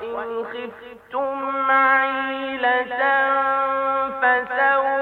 وإن خفتم عيلة فسوف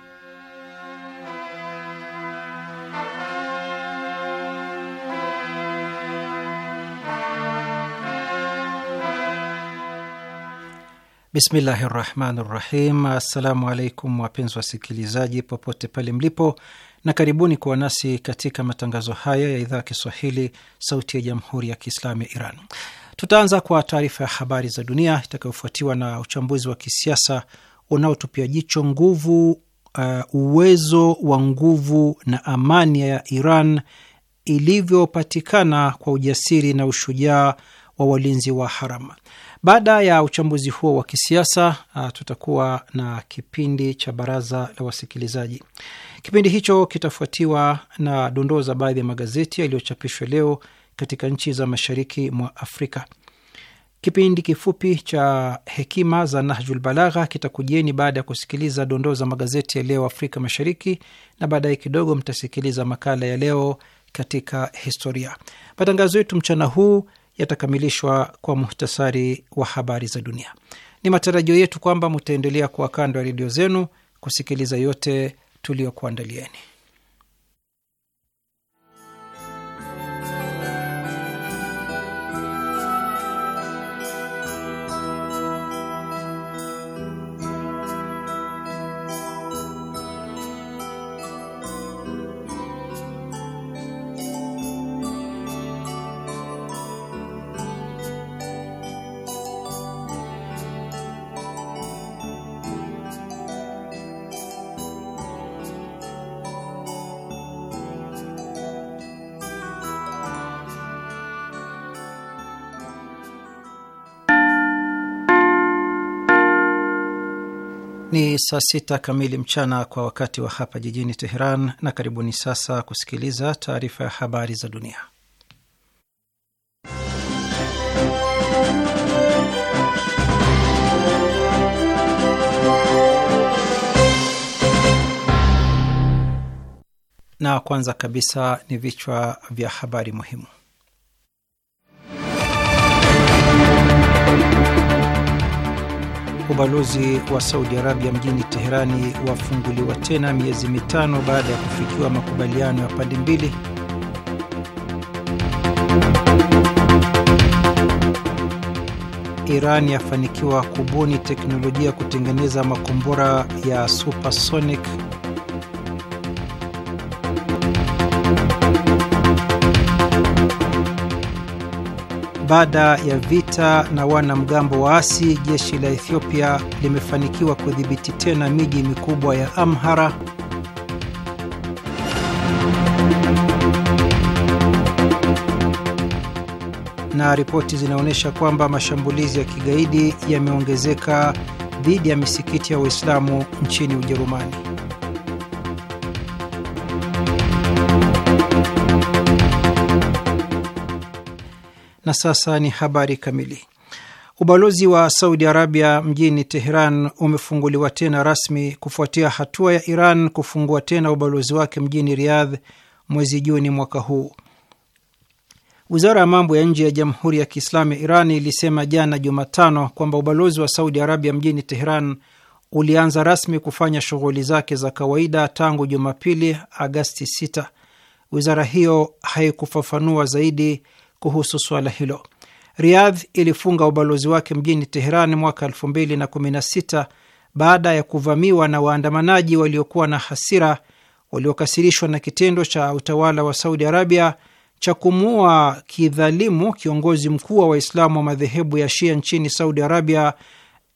Bismillahi rahmani rahim. Assalamu alaikum wapenzi wasikilizaji popote pale mlipo, na karibuni kuwa nasi katika matangazo haya ya idhaa ya Kiswahili sauti ya jamhuri ya Kiislamu ya Iran. Tutaanza kwa taarifa ya habari za dunia itakayofuatiwa na uchambuzi wa kisiasa unaotupia jicho nguvu, uh, uwezo wa nguvu na amani ya Iran ilivyopatikana kwa ujasiri na ushujaa wa walinzi wa haram baada ya uchambuzi huo wa kisiasa, ah, tutakuwa na kipindi cha baraza la wasikilizaji. Kipindi hicho kitafuatiwa na dondoo za baadhi ya magazeti yaliyochapishwa leo katika nchi za mashariki mwa Afrika. Kipindi kifupi cha hekima za Nahjul Balagha kitakujieni baada ya kusikiliza dondoo za magazeti ya leo Afrika Mashariki, na baadaye kidogo mtasikiliza makala ya leo katika historia. Matangazo yetu mchana huu yatakamilishwa kwa muhtasari wa habari za dunia. Ni matarajio yetu kwamba mutaendelea kuwa kando ya redio zenu kusikiliza yote tuliyokuandalieni. saa sita kamili mchana kwa wakati wa hapa jijini Teheran, na karibuni sasa kusikiliza taarifa ya habari za dunia. Na kwanza kabisa ni vichwa vya habari muhimu. ubalozi wa Saudi Arabia mjini Teherani wafunguliwa tena miezi mitano baada ya kufikiwa makubaliano ya pande mbili. Iran yafanikiwa kubuni teknolojia kutengeneza makombora ya supersonic Baada ya vita na wanamgambo waasi, jeshi la Ethiopia limefanikiwa kudhibiti tena miji mikubwa ya Amhara. Na ripoti zinaonyesha kwamba mashambulizi ya kigaidi yameongezeka dhidi ya misikiti ya Waislamu nchini Ujerumani. Na sasa ni habari kamili. Ubalozi wa Saudi Arabia mjini Teheran umefunguliwa tena rasmi kufuatia hatua ya Iran kufungua tena ubalozi wake mjini Riyadh mwezi Juni mwaka huu. Wizara ya mambo ya nje ya Jamhuri ya Kiislamu ya Iran ilisema jana Jumatano kwamba ubalozi wa Saudi Arabia mjini Teheran ulianza rasmi kufanya shughuli zake za kawaida tangu Jumapili, Agasti 6. Wizara hiyo haikufafanua zaidi kuhusu suala hilo. Riyadh ilifunga ubalozi wake mjini Teheran mwaka 2016 baada ya kuvamiwa na waandamanaji waliokuwa na hasira waliokasirishwa na kitendo cha utawala wa Saudi Arabia cha kumuua kidhalimu kiongozi mkuu wa Waislamu wa madhehebu ya Shia nchini Saudi Arabia,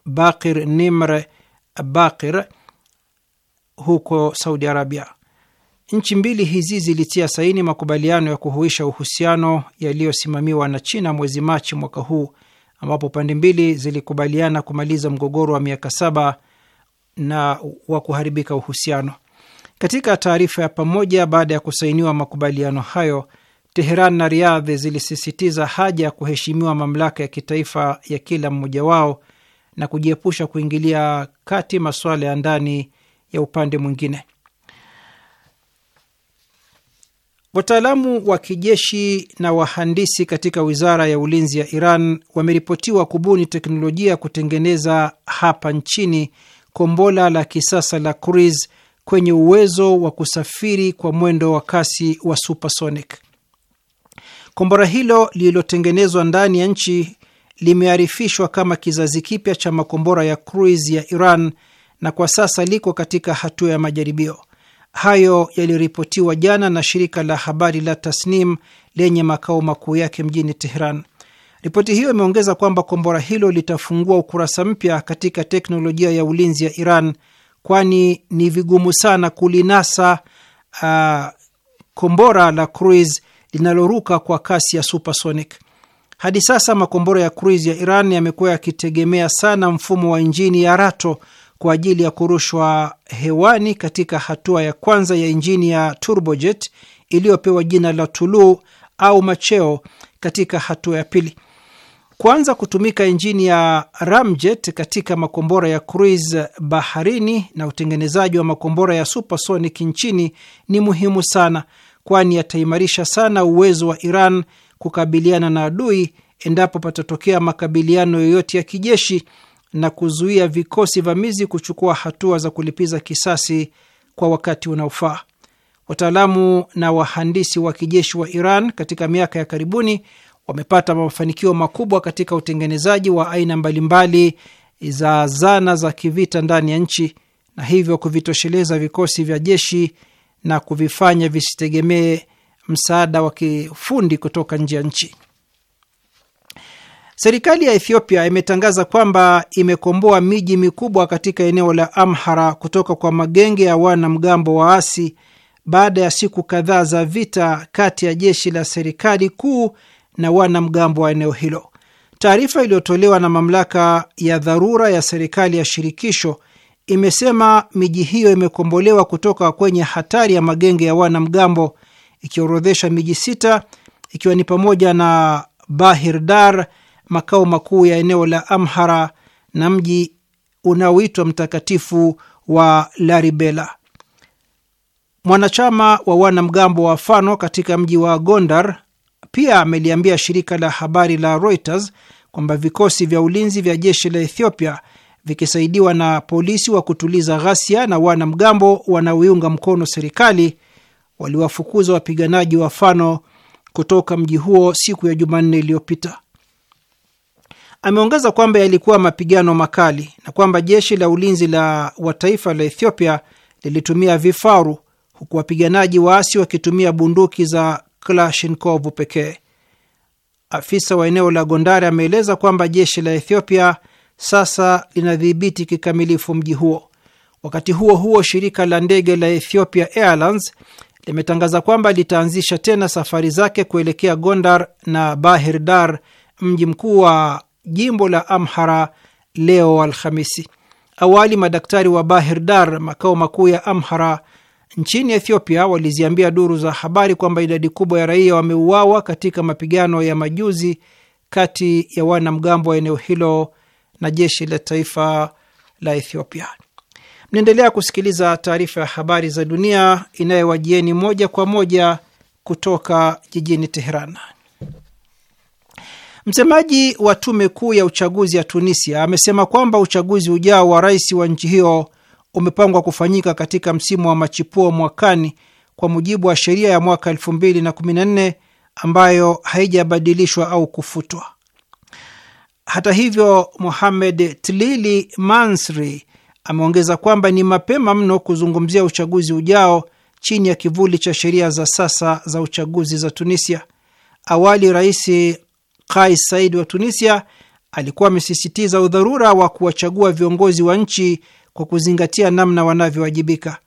Bakir Nimr Bakir huko Saudi Arabia. Nchi mbili hizi zilitia saini makubaliano ya kuhuisha uhusiano yaliyosimamiwa na China mwezi Machi mwaka huu, ambapo pande mbili zilikubaliana kumaliza mgogoro wa miaka saba na wa kuharibika uhusiano. Katika taarifa ya pamoja baada ya kusainiwa makubaliano hayo, Teheran na Riyadh zilisisitiza haja ya kuheshimiwa mamlaka ya kitaifa ya kila mmoja wao na kujiepusha kuingilia kati masuala ya ndani ya upande mwingine. Wataalamu wa kijeshi na wahandisi katika wizara ya ulinzi ya Iran wameripotiwa kubuni teknolojia ya kutengeneza hapa nchini kombola la kisasa la cruise kwenye uwezo wa kusafiri kwa mwendo wa kasi wa supersonic. Kombora hilo lililotengenezwa ndani ya nchi limearifishwa kama kizazi kipya cha makombora ya cruise ya Iran na kwa sasa liko katika hatua ya majaribio. Hayo yaliripotiwa jana na shirika la habari la Tasnim lenye makao makuu yake mjini Tehran. Ripoti hiyo imeongeza kwamba kombora hilo litafungua ukurasa mpya katika teknolojia ya ulinzi ya Iran, kwani ni vigumu sana kulinasa uh, kombora la cruise linaloruka kwa kasi ya supersonic. Hadi sasa makombora ya cruise ya Iran yamekuwa yakitegemea sana mfumo wa injini ya rato kwa ajili ya kurushwa hewani katika hatua ya kwanza ya injini ya turbojet iliyopewa jina la Tulu au macheo katika hatua ya pili. Kuanza kutumika injini ya ramjet katika makombora ya cruise baharini na utengenezaji wa makombora ya supersonic nchini ni muhimu sana, kwani yataimarisha sana uwezo wa Iran kukabiliana na adui endapo patatokea makabiliano yoyote ya kijeshi na kuzuia vikosi vamizi kuchukua hatua za kulipiza kisasi kwa wakati unaofaa. Wataalamu na wahandisi wa kijeshi wa Iran katika miaka ya karibuni wamepata mafanikio makubwa katika utengenezaji wa aina mbalimbali za zana za kivita ndani ya nchi na hivyo kuvitosheleza vikosi vya jeshi na kuvifanya visitegemee msaada wa kifundi kutoka nje ya nchi. Serikali ya Ethiopia imetangaza kwamba imekomboa miji mikubwa katika eneo la Amhara kutoka kwa magenge ya wanamgambo waasi baada ya siku kadhaa za vita kati ya jeshi la serikali kuu na wanamgambo wa eneo hilo. Taarifa iliyotolewa na mamlaka ya dharura ya serikali ya shirikisho imesema miji hiyo imekombolewa kutoka kwenye hatari ya magenge ya wanamgambo, ikiorodhesha miji sita ikiwa ni pamoja na Bahirdar makao makuu ya eneo la Amhara na mji unaoitwa mtakatifu wa laribela Mwanachama wa wanamgambo wa Fano katika mji wa Gondar pia ameliambia shirika la habari la Reuters kwamba vikosi vya ulinzi vya jeshi la Ethiopia vikisaidiwa na polisi wa kutuliza ghasia na wanamgambo wanaoiunga mkono serikali waliwafukuza wapiganaji wa Fano kutoka mji huo siku ya Jumanne iliyopita. Ameongeza kwamba yalikuwa mapigano makali na kwamba jeshi la ulinzi la wa taifa la Ethiopia lilitumia vifaru huku wapiganaji waasi wakitumia bunduki za Kalashnikov pekee. Afisa wa eneo la Gondare ameeleza kwamba jeshi la Ethiopia sasa linadhibiti kikamilifu mji huo. Wakati huo huo, shirika la ndege la Ethiopia Airlines limetangaza kwamba litaanzisha tena safari zake kuelekea Gondar na Bahir Dar, mji mkuu wa jimbo la Amhara leo Alhamisi. Awali madaktari wa Bahir Dar, makao makuu ya Amhara nchini Ethiopia, waliziambia duru za habari kwamba idadi kubwa ya raia wameuawa katika mapigano ya majuzi kati ya wanamgambo wa eneo hilo na jeshi la taifa la Ethiopia. Mnaendelea kusikiliza taarifa ya habari za dunia inayowajieni moja kwa moja kutoka jijini Teheran. Msemaji wa tume kuu ya uchaguzi ya Tunisia amesema kwamba uchaguzi ujao wa rais wa nchi hiyo umepangwa kufanyika katika msimu wa machipuo mwakani kwa mujibu wa sheria ya mwaka 2014 ambayo haijabadilishwa au kufutwa. Hata hivyo, Mohamed Tlili Mansri ameongeza kwamba ni mapema mno kuzungumzia uchaguzi ujao chini ya kivuli cha sheria za sasa za uchaguzi za Tunisia. Awali Rais Kais Said wa Tunisia alikuwa amesisitiza udharura wa kuwachagua viongozi wa nchi kwa kuzingatia namna wanavyowajibika.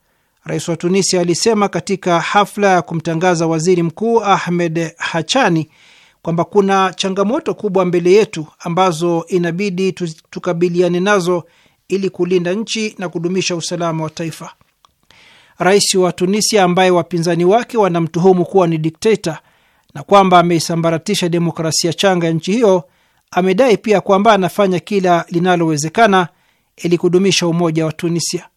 Rais wa Tunisia alisema katika hafla ya kumtangaza waziri mkuu Ahmed Hachani kwamba kuna changamoto kubwa mbele yetu ambazo inabidi tukabiliane nazo ili kulinda nchi na kudumisha usalama wa taifa. Rais wa Tunisia ambaye wapinzani wake wanamtuhumu kuwa ni dikteta na kwamba ameisambaratisha demokrasia changa ya nchi hiyo, amedai pia kwamba anafanya kila linalowezekana ili kudumisha umoja wa Tunisia.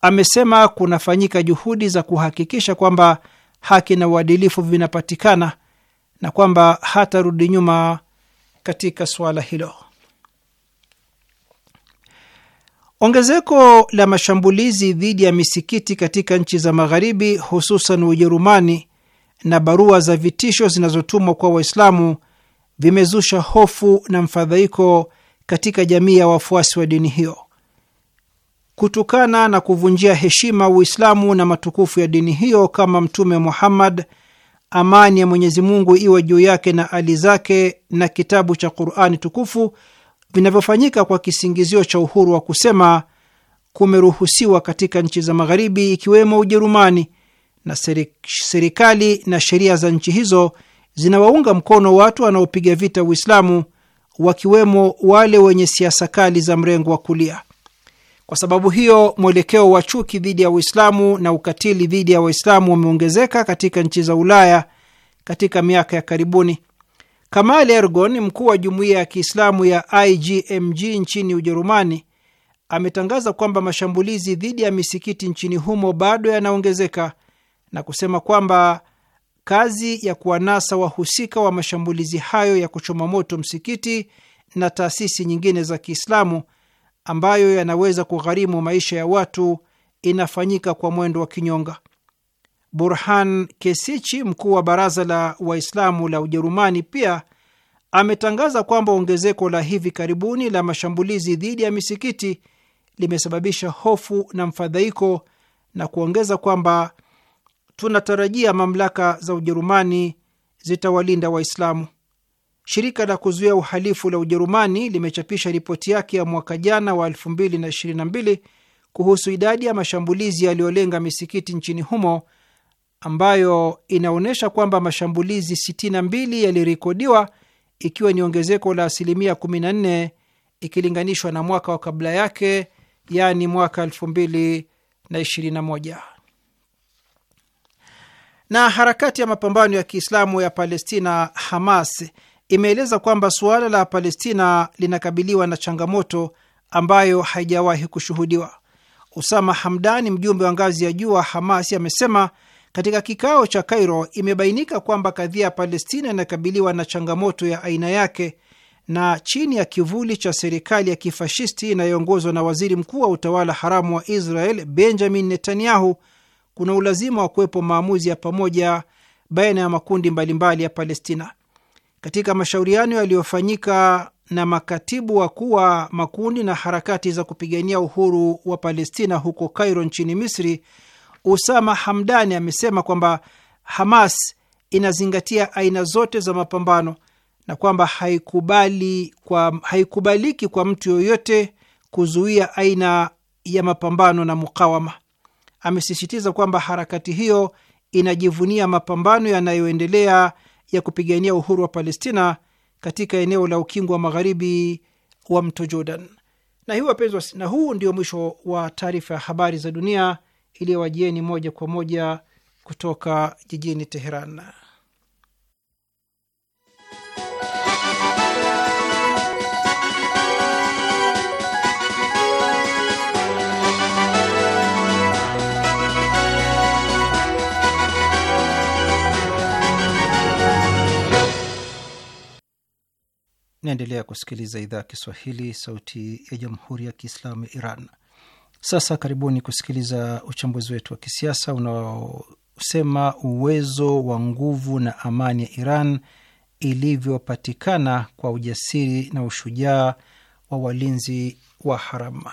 Amesema kunafanyika juhudi za kuhakikisha kwamba haki na uadilifu vinapatikana na kwamba hatarudi nyuma katika suala hilo. Ongezeko la mashambulizi dhidi ya misikiti katika nchi za Magharibi, hususan Ujerumani, na barua za vitisho zinazotumwa kwa Waislamu vimezusha hofu na mfadhaiko katika jamii ya wafuasi wa dini hiyo. Kutukana na kuvunjia heshima Uislamu na matukufu ya dini hiyo kama Mtume Muhammad, amani ya Mwenyezi Mungu iwe juu yake na ali zake, na kitabu cha Qurani tukufu vinavyofanyika kwa kisingizio cha uhuru wa kusema kumeruhusiwa katika nchi za Magharibi, ikiwemo Ujerumani na serikali na sheria za nchi hizo zinawaunga mkono watu wanaopiga vita Uislamu, wakiwemo wale wenye siasa kali za mrengo wa kulia. Kwa sababu hiyo, mwelekeo wa chuki dhidi ya Uislamu na ukatili dhidi ya Waislamu umeongezeka katika nchi za Ulaya katika miaka ya karibuni. Kamal Ergon, mkuu wa jumuiya ya Kiislamu ya IGMG nchini Ujerumani, ametangaza kwamba mashambulizi dhidi ya misikiti nchini humo bado yanaongezeka na kusema kwamba kazi ya kuwanasa wahusika wa mashambulizi hayo ya kuchoma moto msikiti na taasisi nyingine za Kiislamu ambayo yanaweza kugharimu maisha ya watu inafanyika kwa mwendo wa kinyonga. Burhan Kesichi, mkuu wa baraza la Waislamu la Ujerumani, pia ametangaza kwamba ongezeko la hivi karibuni la mashambulizi dhidi ya misikiti limesababisha hofu na mfadhaiko na kuongeza kwamba tunatarajia mamlaka za Ujerumani zitawalinda Waislamu. Shirika la kuzuia uhalifu la Ujerumani limechapisha ripoti yake ya mwaka jana wa 2022 kuhusu idadi ya mashambulizi yaliyolenga misikiti nchini humo ambayo inaonyesha kwamba mashambulizi 62 yalirekodiwa ikiwa ni ongezeko la asilimia 14 ikilinganishwa na mwaka wa kabla yake, yaani mwaka 2021. Na harakati ya mapambano ya Kiislamu ya Palestina, Hamas, imeeleza kwamba suala la Palestina linakabiliwa na changamoto ambayo haijawahi kushuhudiwa. Usama Hamdani, mjumbe wa ngazi ya juu wa Hamas, amesema katika kikao cha Kairo imebainika kwamba kadhia ya Palestina inakabiliwa na changamoto ya aina yake, na chini ya kivuli cha serikali ya kifashisti inayoongozwa na waziri mkuu wa utawala haramu wa Israel Benjamin Netanyahu, kuna ulazima wa kuwepo maamuzi ya pamoja baina ya makundi mbalimbali ya Palestina. Katika mashauriano yaliyofanyika na makatibu wakuu wa makundi na harakati za kupigania uhuru wa Palestina huko Cairo nchini Misri, Usama Hamdani amesema kwamba Hamas inazingatia aina zote za mapambano na kwamba haikubali kwa, haikubaliki kwa mtu yoyote kuzuia aina ya mapambano na mukawama amesisitiza kwamba harakati hiyo inajivunia mapambano yanayoendelea ya kupigania uhuru wa Palestina katika eneo la ukingo wa magharibi wa mto Jordan. Na hii wapenzi, na huu ndio mwisho wa taarifa ya habari za dunia iliyowajieni moja kwa moja kutoka jijini Teheran. Naendelea kusikiliza idhaa ya Kiswahili, sauti ya jamhuri ya kiislamu ya Iran. Sasa karibuni kusikiliza uchambuzi wetu wa kisiasa unaosema uwezo wa nguvu na amani ya Iran ilivyopatikana kwa ujasiri na ushujaa wa walinzi wa harama.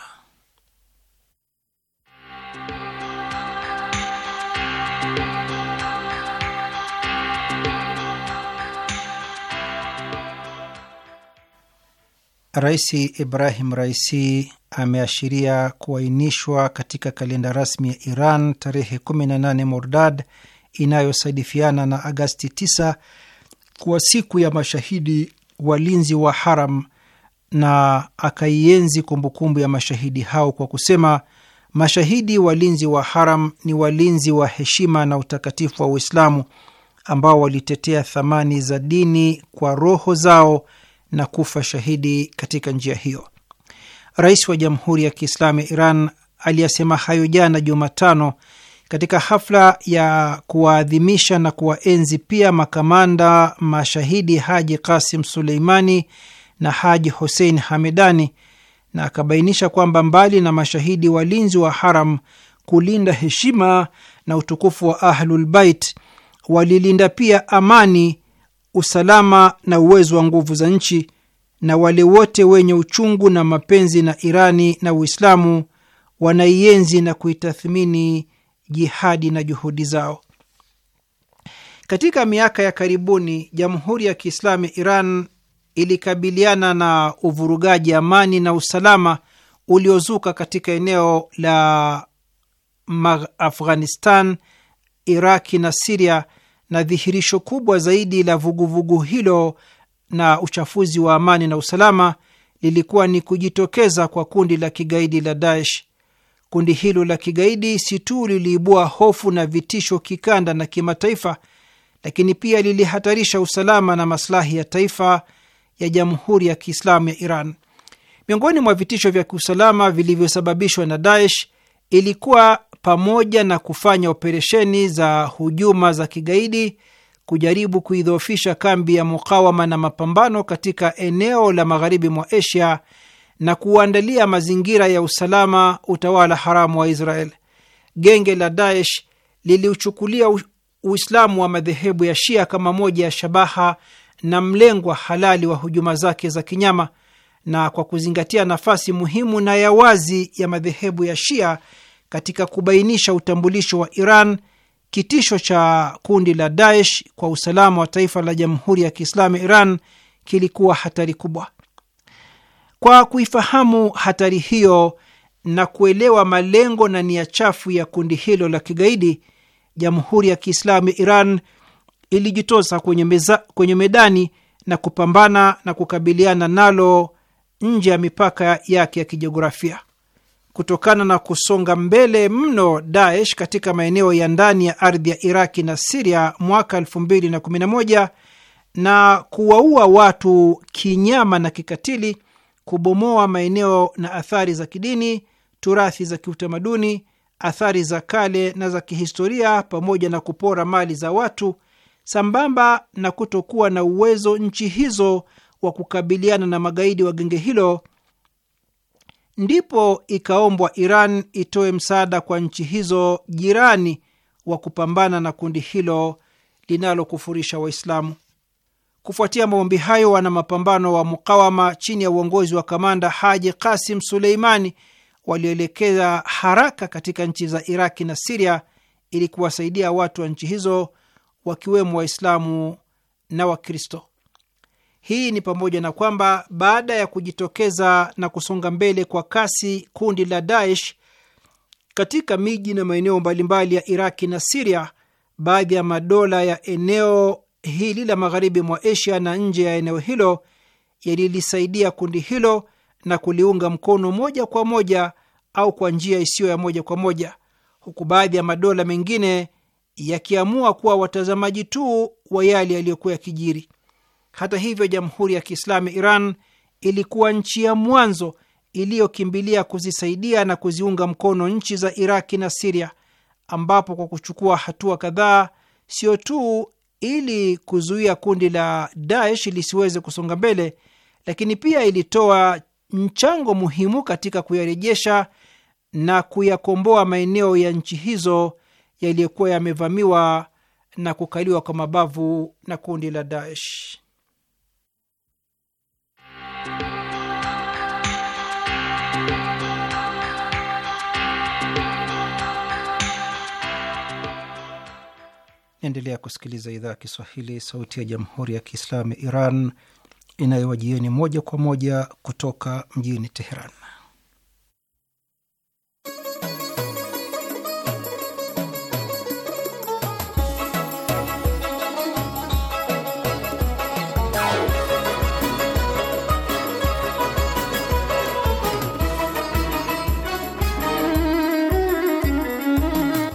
Rais Ibrahim Raisi ameashiria kuainishwa katika kalenda rasmi ya Iran tarehe 18 Mordad inayosadifiana na Agasti 9 kuwa siku ya mashahidi walinzi wa haram na akaienzi kumbukumbu ya mashahidi hao kwa kusema, mashahidi walinzi wa haram ni walinzi wa heshima na utakatifu wa Uislamu ambao walitetea thamani za dini kwa roho zao na kufa shahidi katika njia hiyo. Rais wa Jamhuri ya Kiislamu ya Iran aliyasema hayo jana Jumatano katika hafla ya kuwaadhimisha na kuwaenzi pia makamanda mashahidi Haji Kasim Suleimani na Haji Hussein Hamedani, na akabainisha kwamba mbali na mashahidi walinzi wa haram kulinda heshima na utukufu wa Ahlulbait, walilinda pia amani usalama na uwezo wa nguvu za nchi, na wale wote wenye uchungu na mapenzi na Irani na Uislamu wanaienzi na kuitathmini jihadi na juhudi zao. Katika miaka ya karibuni, Jamhuri ya Kiislamu ya Iran ilikabiliana na uvurugaji amani na usalama uliozuka katika eneo la Afghanistan, Iraki na Siria na dhihirisho kubwa zaidi la vuguvugu vugu hilo na uchafuzi wa amani na usalama lilikuwa ni kujitokeza kwa kundi la kigaidi la Daesh. Kundi hilo la kigaidi si tu liliibua hofu na vitisho kikanda na kimataifa, lakini pia lilihatarisha usalama na maslahi ya taifa ya Jamhuri ya Kiislamu ya Iran. Miongoni mwa vitisho vya kiusalama vilivyosababishwa na Daesh ilikuwa pamoja na kufanya operesheni za hujuma za kigaidi kujaribu kuidhoofisha kambi ya mukawama na mapambano katika eneo la magharibi mwa Asia na kuandalia mazingira ya usalama utawala haramu wa Israel. Genge la Daesh liliuchukulia Uislamu wa madhehebu ya Shia kama moja ya shabaha na mlengwa halali wa hujuma zake za kinyama, na kwa kuzingatia nafasi muhimu na ya wazi ya madhehebu ya Shia katika kubainisha utambulisho wa Iran, kitisho cha kundi la Daesh kwa usalama wa taifa la Jamhuri ya Kiislamu Iran kilikuwa hatari kubwa. Kwa kuifahamu hatari hiyo na kuelewa malengo na nia chafu ya kundi hilo la kigaidi, Jamhuri ya Kiislamu Iran ilijitosa kwenye, meza, kwenye medani na kupambana na kukabiliana nalo nje ya mipaka yake ya kijiografia kutokana na kusonga mbele mno Daesh katika maeneo ya ndani ya ardhi ya Iraki na Siria mwaka 2011 na kuwaua watu kinyama na kikatili, kubomoa maeneo na athari za kidini, turathi za kiutamaduni, athari za kale na za kihistoria, pamoja na kupora mali za watu, sambamba na kutokuwa na uwezo nchi hizo wa kukabiliana na magaidi wa genge hilo ndipo ikaombwa Iran itoe msaada kwa nchi hizo jirani wa kupambana na kundi hilo linalokufurisha Waislamu. Kufuatia maombi hayo, wana mapambano wa mukawama chini ya uongozi wa kamanda Haji Kasim Suleimani walioelekea haraka katika nchi za Iraki na Siria ili kuwasaidia watu wa nchi hizo wakiwemo Waislamu na Wakristo. Hii ni pamoja na kwamba baada ya kujitokeza na kusonga mbele kwa kasi kundi la Daesh katika miji na maeneo mbalimbali ya Iraki na Siria, baadhi ya madola ya eneo hili la magharibi mwa Asia na nje ya eneo hilo yalilisaidia kundi hilo na kuliunga mkono moja kwa moja au kwa njia isiyo ya moja kwa moja, huku baadhi ya madola mengine yakiamua kuwa watazamaji tu wa yale yaliyokuwa yakijiri. Hata hivyo, Jamhuri ya Kiislamu Iran ilikuwa nchi ya mwanzo iliyokimbilia kuzisaidia na kuziunga mkono nchi za Iraki na Siria, ambapo kwa kuchukua hatua kadhaa, sio tu ili kuzuia kundi la Daesh lisiweze kusonga mbele, lakini pia ilitoa mchango muhimu katika kuyarejesha na kuyakomboa maeneo ya nchi hizo yaliyokuwa yamevamiwa na kukaliwa kwa mabavu na kundi la Daesh. Naendelea kusikiliza idhaa ya Kiswahili, sauti ya jamhuri ya kiislamu ya Iran inayowajieni moja kwa moja kutoka mjini Teheran.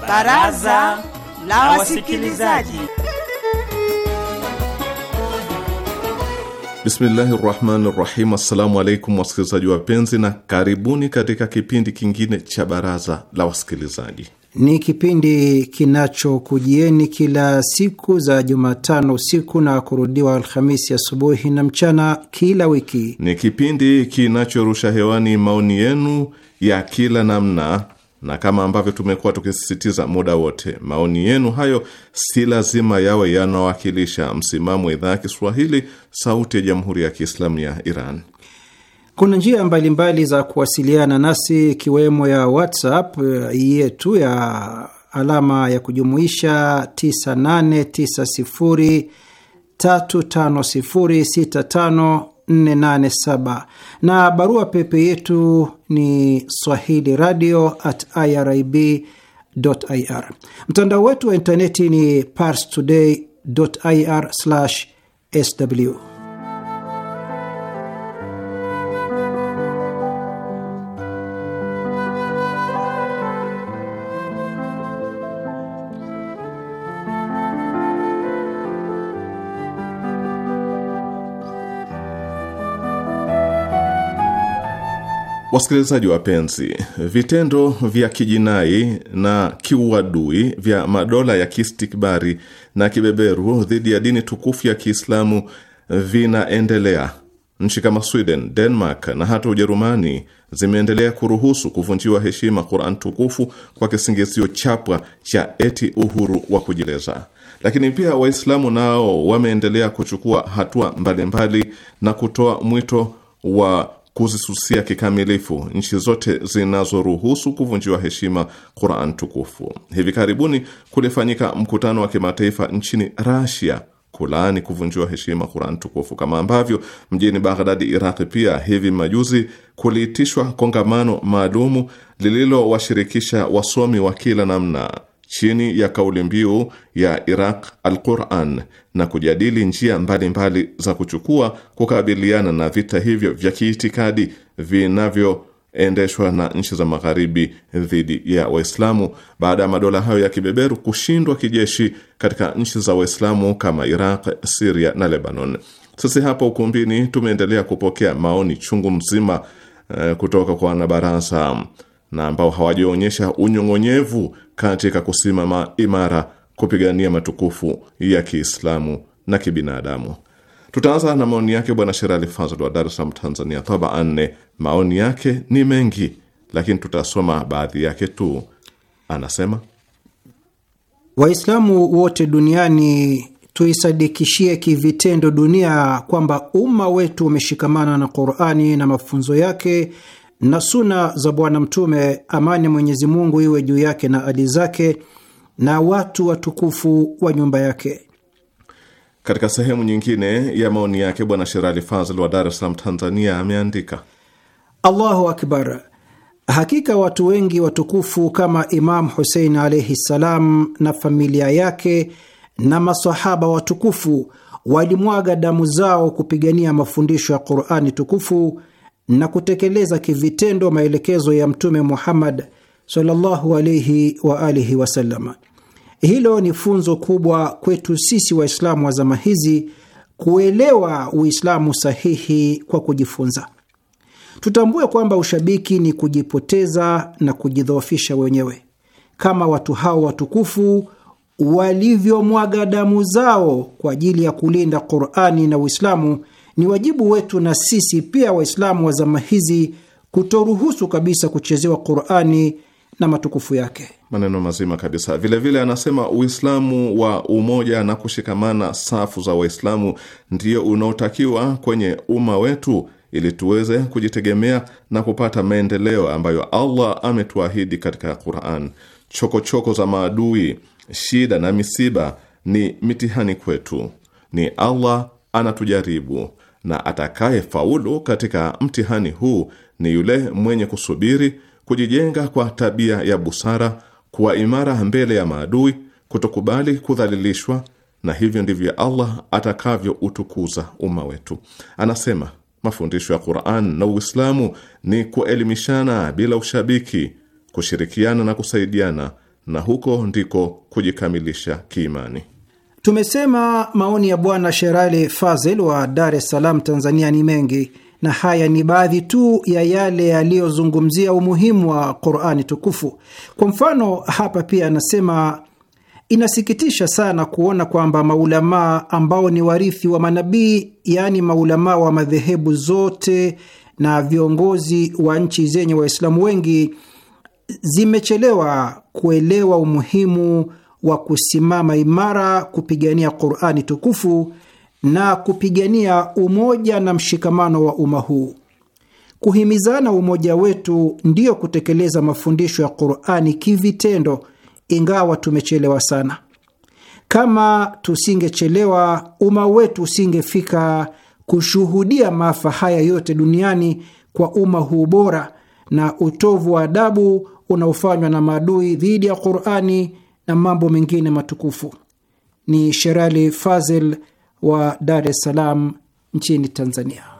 Baraza la wasikilizaji. Bismillahi rahmani rahim. Assalamu alaikum wasikilizaji wapenzi, na karibuni katika kipindi kingine cha baraza la wasikilizaji. Ni kipindi kinachokujieni kila siku za Jumatano usiku na kurudiwa Alhamisi asubuhi na mchana kila wiki. Ni kipindi kinachorusha hewani maoni yenu ya kila namna na kama ambavyo tumekuwa tukisisitiza muda wote, maoni yenu hayo si lazima yawe yanawakilisha msimamo wa idhaa ya Kiswahili, Sauti ya Jamhuri ya Kiislamu ya Iran. Kuna njia mbalimbali mbali za kuwasiliana nasi, ikiwemo ya WhatsApp eh, yetu ya alama ya kujumuisha 9890350654 487 na barua pepe yetu ni swahili radio at irib ir. Mtandao wetu wa intaneti ni pars today ir sw Wasikilizaji wapenzi, vitendo vya kijinai na kiuadui vya madola ya kiistikbari na kibeberu dhidi ya dini tukufu ya Kiislamu vinaendelea. Nchi kama Sweden, Denmark na hata Ujerumani zimeendelea kuruhusu kuvunjiwa heshima Quran tukufu kwa kisingizio chapwa cha eti uhuru wa kujieleza. Lakini pia Waislamu nao wameendelea kuchukua hatua mbalimbali mbali na kutoa mwito wa kuzisusia kikamilifu nchi zote zinazoruhusu kuvunjiwa heshima Quran tukufu. Hivi karibuni kulifanyika mkutano wa kimataifa nchini Rasia kulaani kuvunjiwa heshima Quran tukufu, kama ambavyo mjini Baghdadi, Iraq, pia hivi majuzi kuliitishwa kongamano maalumu lililowashirikisha wasomi wa kila namna chini ya kauli mbiu ya Iraq al-Quran na kujadili njia mbalimbali mbali za kuchukua kukabiliana na vita hivyo vya kiitikadi vinavyoendeshwa na nchi za magharibi dhidi ya Waislamu baada ya madola hayo ya kibeberu kushindwa kijeshi katika nchi za Waislamu kama Iraq, Syria na Lebanon. Sisi hapa ukumbini tumeendelea kupokea maoni chungu mzima eh, kutoka kwa wanabaraza na ambao hawajaonyesha unyong'onyevu katika kusimama imara kupigania matukufu ya Kiislamu na kibinadamu. Tutaanza na maoni yake Bwana Sherali Fazl wa Dar es Salaam, Tanzania, taba anne, Maoni yake ni mengi, lakini tutasoma baadhi yake tu. Anasema Waislamu wote duniani tuisadikishie kivitendo dunia kwamba umma wetu umeshikamana na Qur'ani na mafunzo yake na suna za Bwana Mtume, amani Mwenyezi Mungu iwe juu yake na ali zake na watu watukufu wa nyumba yake. Katika sehemu nyingine ya maoni yake, Bwana Sherali Fazl wa Dar es Salaam, Tanzania, ameandika Allahu akbar, hakika watu wengi watukufu kama imamu Husein alaihi ssalam na familia yake na masahaba watukufu walimwaga damu zao kupigania mafundisho ya Qurani tukufu na kutekeleza kivitendo maelekezo ya Mtume Muhammad sallallahu alaihi wa alihi wasallam. Hilo ni funzo kubwa kwetu sisi Waislamu wa zama hizi, kuelewa Uislamu sahihi kwa kujifunza. Tutambue kwamba ushabiki ni kujipoteza na kujidhoofisha wenyewe, kama watu hao watukufu walivyomwaga damu zao kwa ajili ya kulinda Qur'ani na Uislamu ni wajibu wetu na sisi pia Waislamu wa zama hizi kutoruhusu kabisa kuchezewa Qurani na matukufu yake. Maneno mazima kabisa. Vilevile vile anasema Uislamu wa umoja na kushikamana safu za Waislamu ndio unaotakiwa kwenye umma wetu ili tuweze kujitegemea na kupata maendeleo ambayo Allah ametuahidi katika Quran. Chokochoko za maadui, shida na misiba ni mitihani kwetu, ni Allah anatujaribu na atakaye faulu katika mtihani huu ni yule mwenye kusubiri, kujijenga kwa tabia ya busara, kuwa imara mbele ya maadui, kutokubali kudhalilishwa, na hivyo ndivyo Allah atakavyoutukuza umma wetu. Anasema mafundisho ya Qur'an na Uislamu ni kuelimishana bila ushabiki, kushirikiana na kusaidiana, na huko ndiko kujikamilisha kiimani. Tumesema maoni ya Bwana Sherali Fazel wa Dar es Salaam, Tanzania ni mengi na haya ni baadhi tu ya yale yaliyozungumzia umuhimu wa Qurani tukufu. Kwa mfano, hapa pia anasema inasikitisha sana kuona kwamba maulamaa ambao ni warithi wa manabii, yaani maulamaa wa madhehebu zote na viongozi wa nchi zenye Waislamu wengi, zimechelewa kuelewa umuhimu wa kusimama imara kupigania Qurani tukufu na kupigania umoja na mshikamano wa umma huu. Kuhimizana umoja wetu ndiyo kutekeleza mafundisho ya Qurani kivitendo, ingawa tumechelewa sana. Kama tusingechelewa, umma wetu usingefika kushuhudia maafa haya yote duniani kwa umma huu bora na utovu wa adabu unaofanywa na maadui dhidi ya Qurani na mambo mengine matukufu. Ni Sherali Fazil wa Dar es Salaam nchini Tanzania.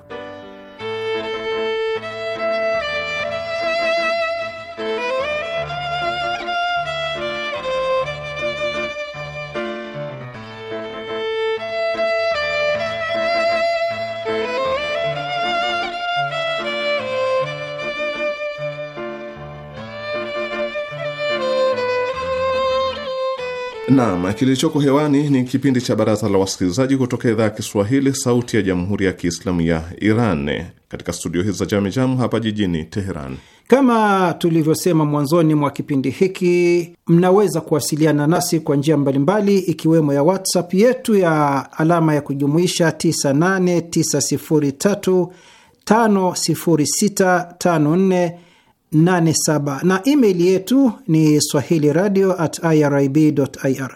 Naam, kilichoko hewani ni kipindi cha Baraza la Wasikilizaji kutoka idhaa ya Kiswahili, Sauti ya Jamhuri ya Kiislamu ya Iran, katika studio hizi za Jamejam hapa jijini Teheran. Kama tulivyosema mwanzoni mwa kipindi hiki, mnaweza kuwasiliana nasi kwa njia mbalimbali, ikiwemo ya WhatsApp yetu ya alama ya kujumuisha 9890350654 87 na email yetu ni swahili radio at irib ir.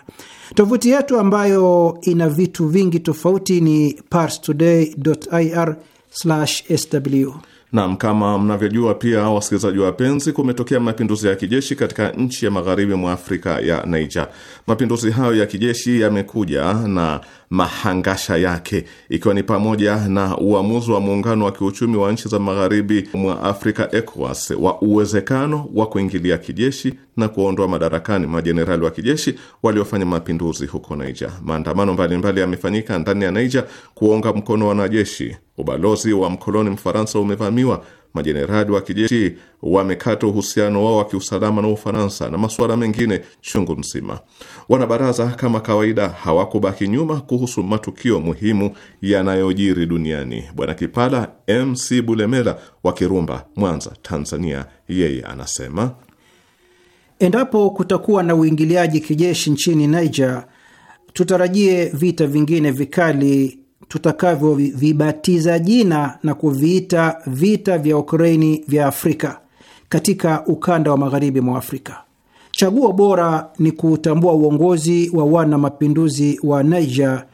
Tovuti yetu ambayo ina vitu vingi tofauti ni parstoday ir sw. Naam, kama mnavyojua pia, wasikilizaji wa wapenzi, kumetokea mapinduzi ya kijeshi katika nchi ya magharibi mwa Afrika ya Niger. Mapinduzi hayo ya kijeshi yamekuja na mahangasha yake, ikiwa ni pamoja na uamuzi wa muungano wa kiuchumi wa nchi za magharibi mwa Afrika ECOWAS wa uwezekano wa kuingilia kijeshi na kuondoa madarakani majenerali wa kijeshi waliofanya mapinduzi huko Niger. Maandamano mbalimbali yamefanyika ndani ya Niger kuwaunga mkono wanajeshi. Ubalozi wa mkoloni Mfaransa umevamiwa majenerali wa kijeshi wamekata uhusiano wao wa kiusalama na Ufaransa na masuala mengine chungu mzima. Wanabaraza kama kawaida hawakubaki nyuma kuhusu matukio muhimu yanayojiri duniani. Bwana Kipala MC Bulemela wa Kirumba, Mwanza, Tanzania, yeye anasema endapo kutakuwa na uingiliaji kijeshi nchini Niger, tutarajie vita vingine vikali tutakavyovibatiza jina na kuviita vita vya Ukraini vya Afrika katika ukanda wa magharibi mwa Afrika. Chaguo bora ni kuutambua uongozi wa wana mapinduzi wa Niger,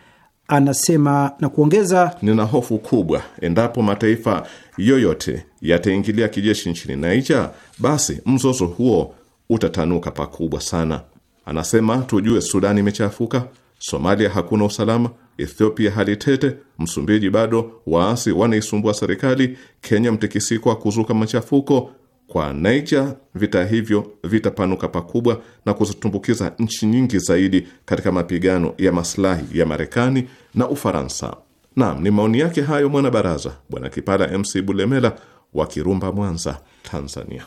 anasema na kuongeza, nina hofu kubwa endapo mataifa yoyote yataingilia kijeshi nchini Niger, basi mzozo huo utatanuka pakubwa sana. Anasema tujue, Sudani imechafuka, Somalia hakuna usalama Ethiopia hali tete, Msumbiji bado waasi wanaisumbua serikali, Kenya mtikisikwa kuzuka machafuko, kwa Niger vita hivyo vitapanuka pakubwa na kuzitumbukiza nchi nyingi zaidi katika mapigano ya maslahi ya Marekani na Ufaransa. Naam, ni maoni yake hayo mwanabaraza Bwana Kipala MC Bulemela wa Kirumba, Mwanza, Tanzania.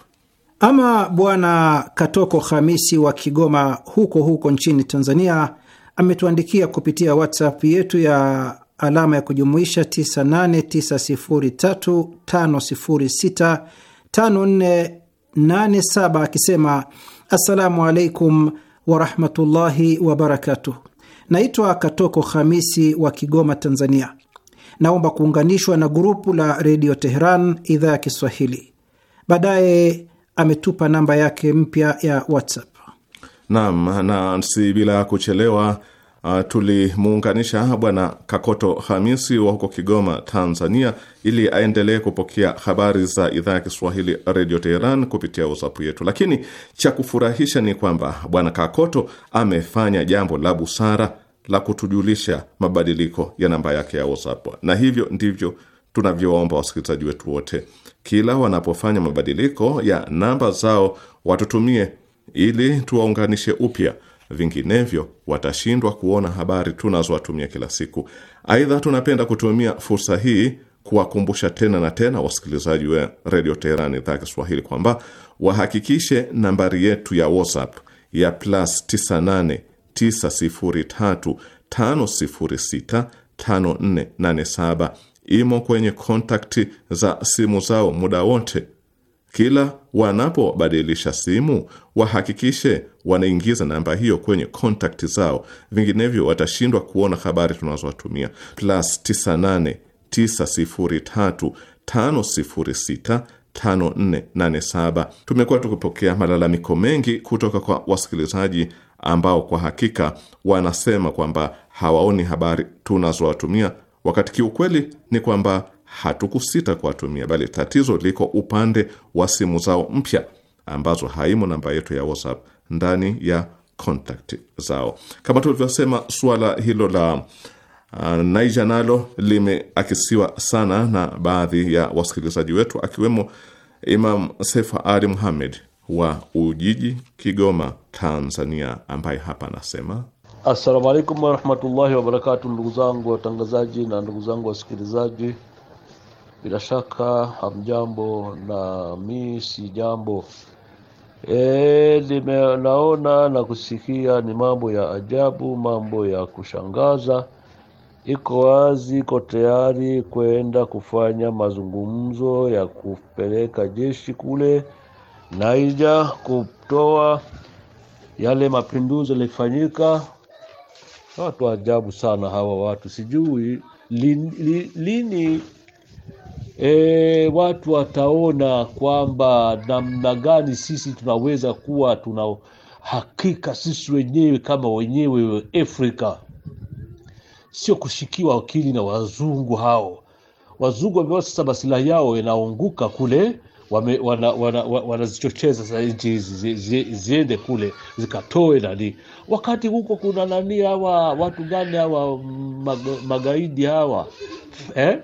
Ama Bwana Katoko Hamisi wa Kigoma, huko huko nchini Tanzania ametuandikia kupitia WhatsApp yetu ya alama ya kujumuisha 989035065487 akisema assalamu alaikum warahmatullahi wabarakatuh. Naitwa Katoko Hamisi wa Kigoma, Tanzania. Naomba kuunganishwa na gurupu la redio Teheran idhaa ya Kiswahili. Baadaye ametupa namba yake mpya ya WhatsApp. Naam, na si bila kuchelewa Uh, tulimuunganisha Bwana Kakoto Hamisi wa huko Kigoma, Tanzania, ili aendelee kupokea habari za idhaa ya Kiswahili Redio Teheran kupitia WhatsApp yetu. Lakini cha kufurahisha ni kwamba Bwana Kakoto amefanya jambo la busara la kutujulisha mabadiliko ya namba yake ya WhatsApp, na hivyo ndivyo tunavyoomba wasikilizaji wetu wote, kila wanapofanya mabadiliko ya namba zao watutumie ili tuwaunganishe upya, vinginevyo watashindwa kuona habari tunazowatumia kila siku. Aidha, tunapenda kutumia fursa hii kuwakumbusha tena na tena wasikilizaji wa redio Teheran idhaa ya Kiswahili kwamba wahakikishe nambari yetu ya WhatsApp ya plus 98 imo kwenye kontakti za simu zao muda wote kila wanapobadilisha simu wahakikishe wanaingiza namba hiyo kwenye kontakti zao, vinginevyo watashindwa kuona habari tunazowatumia. plus 98 Tumekuwa tukipokea malalamiko mengi kutoka kwa wasikilizaji ambao kwa hakika wanasema kwamba hawaoni habari tunazowatumia, wakati kiukweli ni kwamba hatukusita kuwatumia, bali tatizo liko upande wa simu zao mpya ambazo haimo namba yetu ya WhatsApp ndani ya contact zao. Kama tulivyosema, suala hilo la uh, Naija nalo limeakisiwa sana na baadhi ya wasikilizaji wetu akiwemo Imam Sefa Ali Muhamed wa Ujiji, Kigoma, Tanzania, ambaye hapa anasema assalamu alaikum warahmatullahi wabarakatu. Ndugu zangu watangazaji na ndugu zangu wasikilizaji bila shaka hamjambo, na mi si jambo. E, limenaona na kusikia ni mambo ya ajabu, mambo ya kushangaza. Iko wazi, iko tayari kwenda kufanya mazungumzo ya kupeleka jeshi kule Naija kutoa yale mapinduzi yalifanyika. Watu ajabu sana hawa watu, sijui lini, lini e, watu wataona kwamba namna gani sisi tunaweza kuwa tuna hakika sisi wenyewe kama wenyewe Afrika, sio kushikiwa akili na wazungu hao. Wazungu wameona sasa masilahi yao yanaunguka kule, wanazichocheza sasa nchi hizi ziende kule zikatoe nani, wakati huko kuna nani, hawa watu gani hawa magaidi hawa eh?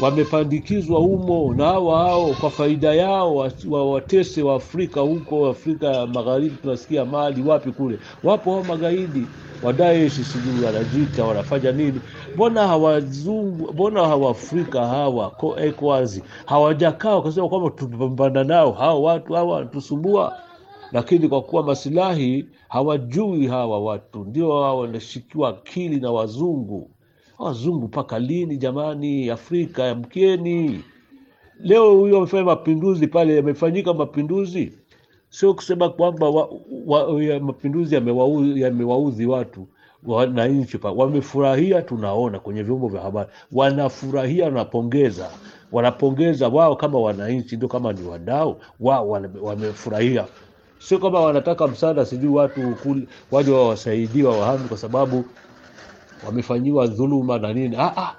wamepandikizwa humo na hawa hao kwa faida yao wawatese wa Waafrika huko Afrika Magharibi, tunasikia Mali wapi kule, wapo hao magaidi wa Daesh, sijui wanajita wanafanya nini? Mbona hawazungu, mbona hawaafrika hawa ekwazi hawajakaa wakasema kwamba tupambana nao hao watu hawa tusumbua lakini kwa kuwa masilahi hawajui hawa watu, ndio hao wanashikiwa akili na wazungu. Wazungu mpaka lini jamani? Afrika yamkeni. Leo huyo amefanya mapinduzi pale, yamefanyika mapinduzi, sio kusema kwamba wa, wa, ya mapinduzi yamewaudhi ya watu wananchi pa wamefurahia, tunaona kwenye vyombo vya habari wanafurahia, wanapongeza, wanapongeza wao kama wananchi, ndio kama ni wadau wao, wamefurahia. Sio kama wanataka msaada, sijui watu waje wawasaidia wahami, kwa sababu wamefanyiwa dhuluma na nini. Ah, ah,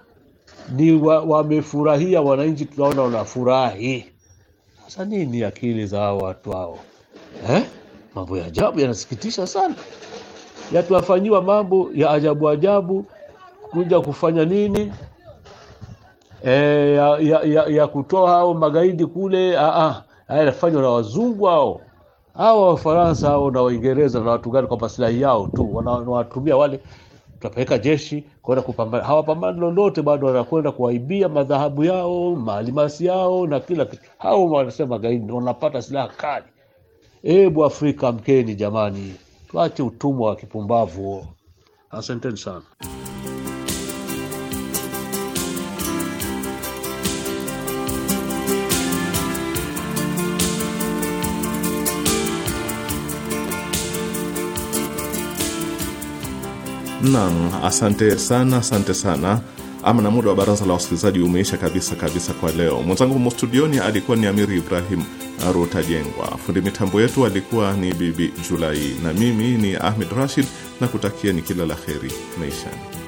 ni wamefurahia wananchi, tunaona wanafurahi. Sasa nini akili za hao watu hao eh? Mambo ya ajabu yanasikitisha sana, yatuwafanyiwa mambo ya ajabu ajabu kuja kufanya nini e, ya, ya, ya, ya kutoa hao magaidi kule. Ah, ah. Haya yanafanywa na wazungu hao hawa Wafaransa hao na Waingereza na watu gani, kwa maslahi yao tu wanawatumia wale tutapeleka jeshi kwenda kupambana. Hawapambani lolote, bado wanakwenda kuwaibia madhahabu yao, maalimasi yao na kila kitu. Hao wanasema gaidi, wanapata silaha kali. Ebu Afrika, mkeni jamani, tuache utumwa wa kipumbavu. Asanteni sana. Naam, asante sana, asante sana. Ama na muda wa baraza la wasikilizaji umeisha kabisa kabisa kwa leo. Mwenzangu humo studioni alikuwa ni Amiri Ibrahim Rutajengwa, fundi mitambo yetu alikuwa ni Bibi Julai, na mimi ni Ahmed Rashid na kutakieni kila la heri maishani.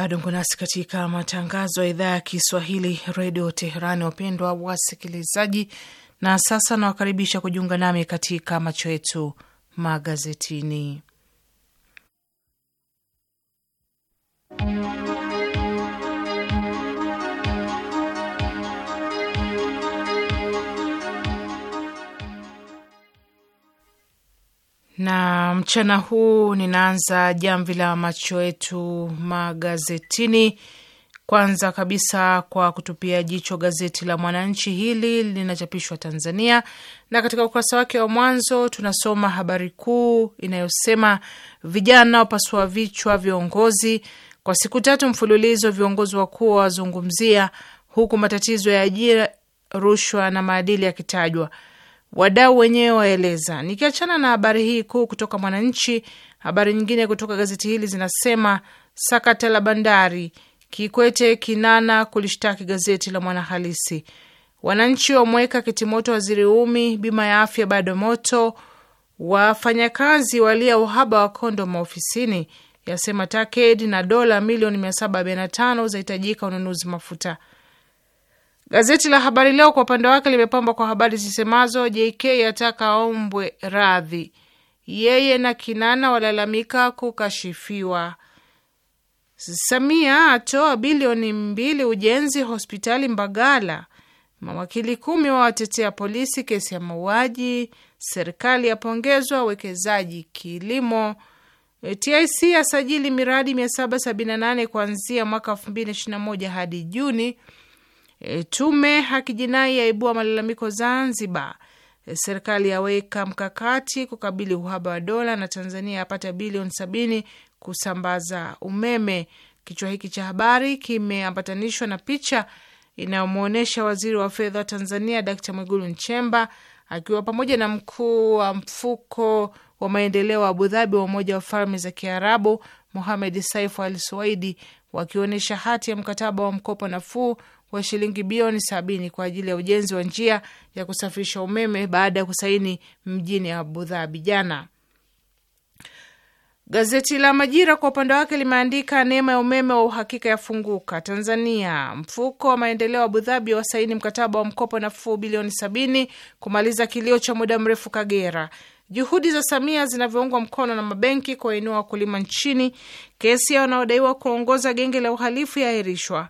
Bado mko nasi katika matangazo ya idhaa ya Kiswahili redio Teherani, wapendwa wasikilizaji, na sasa nawakaribisha kujiunga nami katika macho yetu magazetini. na mchana huu ninaanza jamvi la macho yetu magazetini. Kwanza kabisa kwa kutupia jicho gazeti la Mwananchi, hili linachapishwa Tanzania, na katika ukurasa wake wa mwanzo tunasoma habari kuu inayosema vijana wapasua vichwa viongozi. Kwa siku tatu mfululizo viongozi wakuu wawazungumzia, huku matatizo ya ajira, rushwa na maadili yakitajwa wadau wenyewe waeleza. Nikiachana na habari hii kuu kutoka Mwananchi, habari nyingine kutoka gazeti hili zinasema sakata la bandari, Kikwete Kinana kulishtaki gazeti la Mwanahalisi. Wananchi wamweka kitimoto waziri Umi, bima ya afya bado moto. Wafanyakazi walia uhaba wa kondo maofisini, yasema TACAID na dola milioni 745 zahitajika ununuzi mafuta. Gazeti la Habari Leo kwa upande wake limepambwa kwa habari zisemazo JK ataka aombwe radhi, yeye na Kinana walalamika kukashifiwa, Samia atoa bilioni mbili ujenzi hospitali Mbagala, mawakili kumi wawatetea polisi kesi ya mauaji, serikali yapongezwa wekezaji kilimo, TIC yasajili miradi 778 kuanzia mwaka 2021 hadi Juni E, tume haki jinai yaibua malalamiko Zanzibar. E, serikali yaweka mkakati kukabili uhaba wa dola na Tanzania yapata bilioni sabini kusambaza umeme. Kichwa hiki cha habari kimeambatanishwa na picha inayomwonyesha waziri wa fedha wa Tanzania Dkt. Mwigulu Nchemba akiwa pamoja na mkuu wa mfuko wa maendeleo wa Abu Dhabi wa Umoja wa Falme za Kiarabu Muhamed Saif Al Suwaidi wakionyesha hati ya mkataba wa mkopo nafuu wa shilingi bilioni sabini kwa ajili ya ujenzi wa njia ya kusafirisha umeme baada ya kusaini mjini Abu Dhabi jana. Gazeti la Majira kwa upande wake limeandika neema ya umeme wa uhakika yafunguka Tanzania. Mfuko wa maendeleo wa Abu Dhabi wasaini mkataba wa mkopo nafuu bilioni sabini kumaliza kilio cha muda mrefu Kagera. Juhudi za Samia zinavyoungwa mkono na mabenki kuwainua wakulima nchini. Kesi ya wanaodaiwa kuongoza genge la uhalifu yaahirishwa.